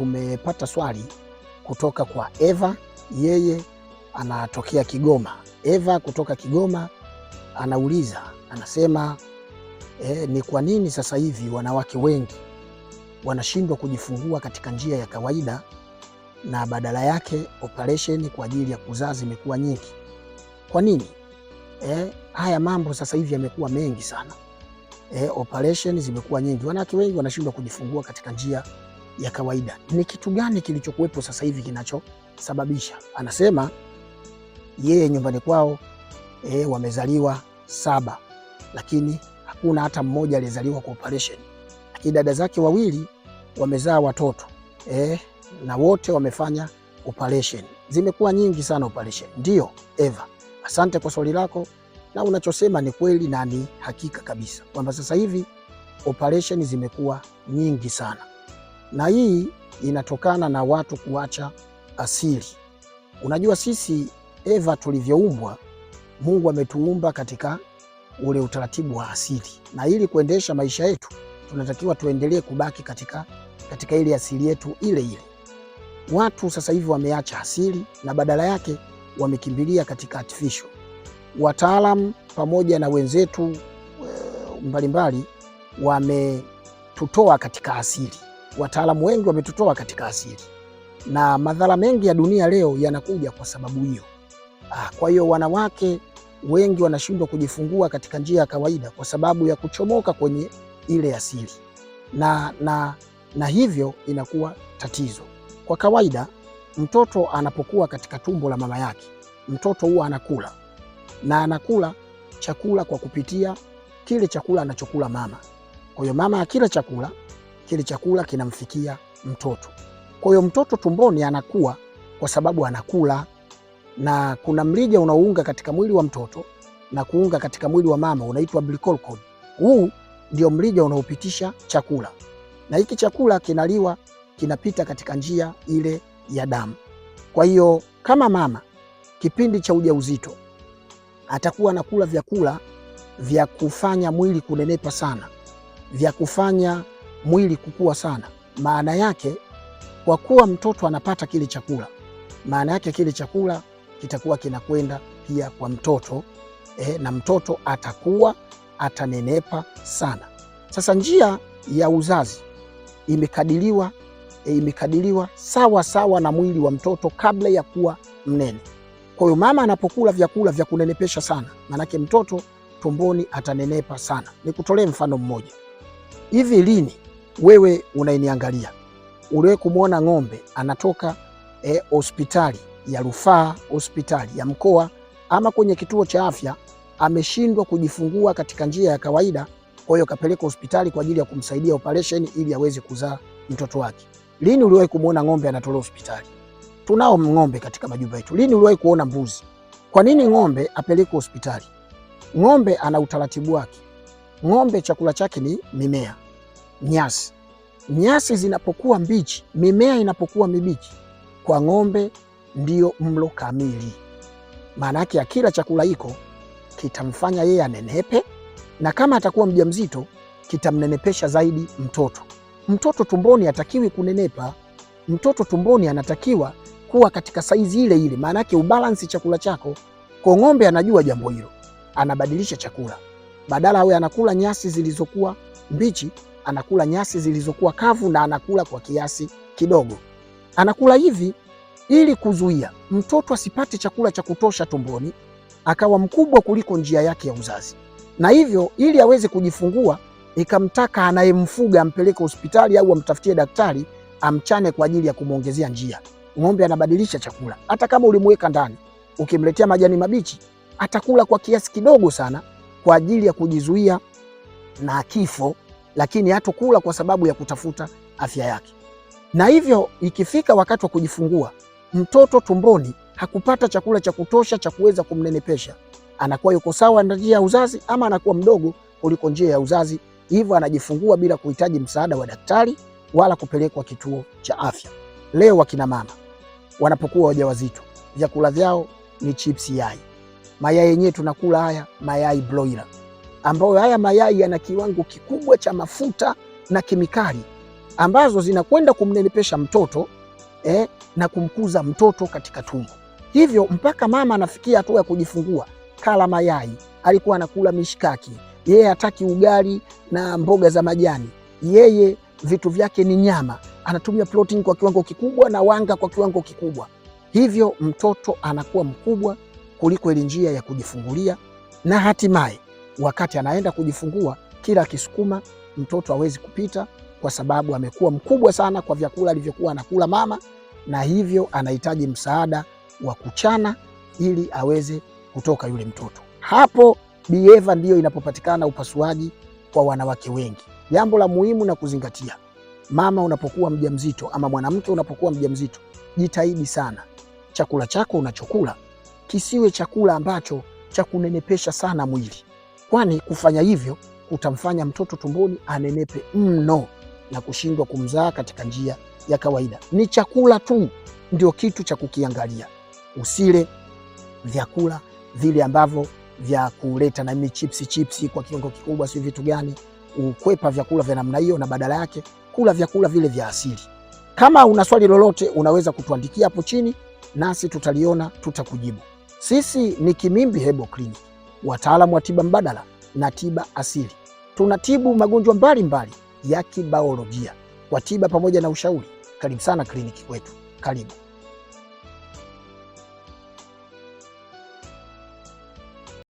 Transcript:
tumepata swali kutoka kwa Eva, yeye anatokea Kigoma. Eva kutoka Kigoma anauliza, anasema eh, ni kwa nini sasa hivi wanawake wengi wanashindwa kujifungua katika njia ya kawaida na badala yake operesheni kwa ajili ya kuzaa zimekuwa nyingi? Kwa nini? Eh, haya mambo sasa hivi yamekuwa mengi sana. Eh, operesheni zimekuwa nyingi, wanawake wengi wanashindwa kujifungua katika njia ya kawaida. Ni kitu gani kilichokuwepo sasa hivi kinachosababisha? Anasema yeye nyumbani kwao e, wamezaliwa saba, lakini hakuna hata mmoja aliyezaliwa kwa operation, lakini dada zake wawili wamezaa watoto e, na wote wamefanya operation. Zimekuwa nyingi sana operation. Ndio Eva, asante kwa swali lako na unachosema ni kweli na ni hakika kabisa kwamba sasa hivi operation zimekuwa nyingi sana na hii inatokana na watu kuacha asili. Unajua sisi Eva tulivyoumbwa, Mungu ametuumba katika ule utaratibu wa asili, na ili kuendesha maisha yetu tunatakiwa tuendelee kubaki katika, katika ile asili yetu ile ile. Watu sasa hivi wameacha asili na badala yake wamekimbilia katika artificial. Wataalamu pamoja na wenzetu eh, mbalimbali wametutoa katika asili wataalamu wengi wametutoa katika asili, na madhara mengi ya dunia leo yanakuja kwa sababu hiyo. Ah, kwa hiyo wanawake wengi wanashindwa kujifungua katika njia ya kawaida kwa sababu ya kuchomoka kwenye ile asili na, na, na hivyo inakuwa tatizo. Kwa kawaida mtoto anapokuwa katika tumbo la mama yake, mtoto huwa anakula na anakula chakula kwa kupitia kile chakula anachokula mama. Kwa hiyo mama akila chakula kile chakula kinamfikia mtoto. Kwa hiyo mtoto tumboni anakuwa kwa sababu anakula, na kuna mrija unaounga katika mwili wa mtoto na kuunga katika mwili wa mama unaitwa umbilical cord. Huu ndio mrija unaopitisha chakula, na hiki chakula kinaliwa, kinapita katika njia ile ya damu. Kwa hiyo kama mama kipindi cha ujauzito atakuwa anakula vyakula vya kufanya mwili kunenepa sana, vya kufanya mwili kukua sana. Maana yake kwa kuwa mtoto anapata kile chakula, maana yake kile chakula kitakuwa kinakwenda pia kwa mtoto eh, na mtoto atakuwa atanenepa sana. Sasa njia ya uzazi imekadiriwa eh, imekadiriwa sawa sawa na mwili wa mtoto kabla ya kuwa mnene. Kwa hiyo mama anapokula vyakula vya kunenepesha sana, maanake mtoto tumboni atanenepa sana. Nikutolee mfano mmoja hivi, lini wewe unainiangalia, uliwe kumwona ng'ombe anatoka eh, hospitali e, ya rufaa, hospitali ya mkoa ama kwenye kituo cha afya, ameshindwa kujifungua katika njia ya kawaida, kwa hiyo kapeleka hospitali kwa ajili ya kumsaidia operation ili aweze kuzaa mtoto wake. Lini uliwahi kumwona ng'ombe anatolewa hospitali? Tunao ng'ombe katika majumba yetu. Lini uliwahi kuona mbuzi? Kwa nini ng'ombe apelekwe hospitali? Ng'ombe ana utaratibu wake. Ng'ombe chakula chake ni mimea nyasi. Nyasi zinapokuwa mbichi, mimea inapokuwa mibichi, kwa ng'ombe ndio mlo kamili. Maana yake akila chakula hiko kitamfanya yeye anenepe, na kama atakuwa mjamzito kitamnenepesha zaidi mtoto. Mtoto tumboni hatakiwi kunenepa, mtoto tumboni anatakiwa kuwa katika saizi ile ile, maana yake ubalansi chakula chako. Kwa ng'ombe anajua jambo hilo, anabadilisha chakula, badala awe anakula nyasi zilizokuwa mbichi anakula nyasi zilizokuwa kavu na anakula kwa kiasi kidogo. Anakula hivi ili kuzuia mtoto asipate chakula cha kutosha tumboni, akawa mkubwa kuliko njia yake ya uzazi, na hivyo ili aweze kujifungua ikamtaka anayemfuga ampeleke hospitali au amtafutie daktari amchane kwa ajili ya kumwongezea njia. Ng'ombe anabadilisha chakula, hata kama ulimweka ndani, ukimletea majani mabichi atakula kwa kiasi kidogo sana, kwa ajili ya kujizuia na kifo lakini hatokula kwa sababu ya kutafuta afya yake. Na hivyo ikifika wakati wa kujifungua, mtoto tumboni hakupata chakula cha kutosha cha kuweza kumnenepesha, anakuwa yuko sawa na njia ya uzazi ama anakuwa mdogo kuliko njia ya uzazi, hivyo anajifungua bila kuhitaji msaada wa daktari wala kupelekwa kituo cha afya. Leo wakina mama wanapokuwa wajawazito, vyakula vyao ni chipsi yai, mayai yenyewe tunakula haya mayai broiler ambayo haya mayai yana kiwango kikubwa cha mafuta na kemikali ambazo zinakwenda kumnenepesha mtoto eh, na kumkuza mtoto katika tumbo. Hivyo mpaka mama anafikia hatua ya kujifungua, kala mayai, alikuwa anakula mishkaki, yeye hataki ugali na mboga za majani, yeye vitu vyake ni nyama, anatumia protini kwa kiwango kikubwa na wanga kwa kiwango kikubwa. Hivyo mtoto anakuwa mkubwa kuliko ile njia ya kujifungulia na hatimaye wakati anaenda kujifungua, kila akisukuma mtoto hawezi kupita, kwa sababu amekuwa mkubwa sana kwa vyakula alivyokuwa anakula mama, na hivyo anahitaji msaada wa kuchana ili aweze kutoka yule mtoto. Hapo bieva ndiyo inapopatikana upasuaji kwa wanawake wengi. Jambo la muhimu na kuzingatia, mama unapokuwa mjamzito ama mwanamke unapokuwa mjamzito, jitahidi sana chakula chako unachokula kisiwe chakula ambacho cha kunenepesha sana mwili kwani kufanya hivyo kutamfanya mtoto tumboni anenepe mno na kushindwa kumzaa katika njia ya kawaida. Ni chakula tu ndio kitu cha kukiangalia. Usile vyakula vile ambavyo vya kuleta na chipsi chipsi kwa kiwango kikubwa, si vitu gani, ukwepa vyakula vya namna hiyo, na badala yake kula vyakula vile vya asili. Kama una swali lolote, unaweza kutuandikia hapo chini, nasi tutaliona, tutakujibu. Sisi ni Kimimbi Herbal Clinic wataalamu wa tiba mbadala na tiba asili. Tunatibu magonjwa mbalimbali ya kibaolojia kwa tiba pamoja na ushauri. Karibu sana kliniki kwetu, karibu.